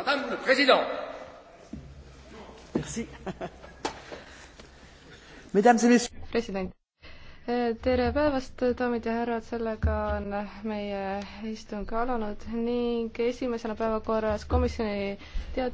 Madame le Président. Merci. Mesdames et Messieurs. President. tere päevast, daamid ja härrad, sellega on meie istung alanud ning esimesena päevakorras komisjoni tead-.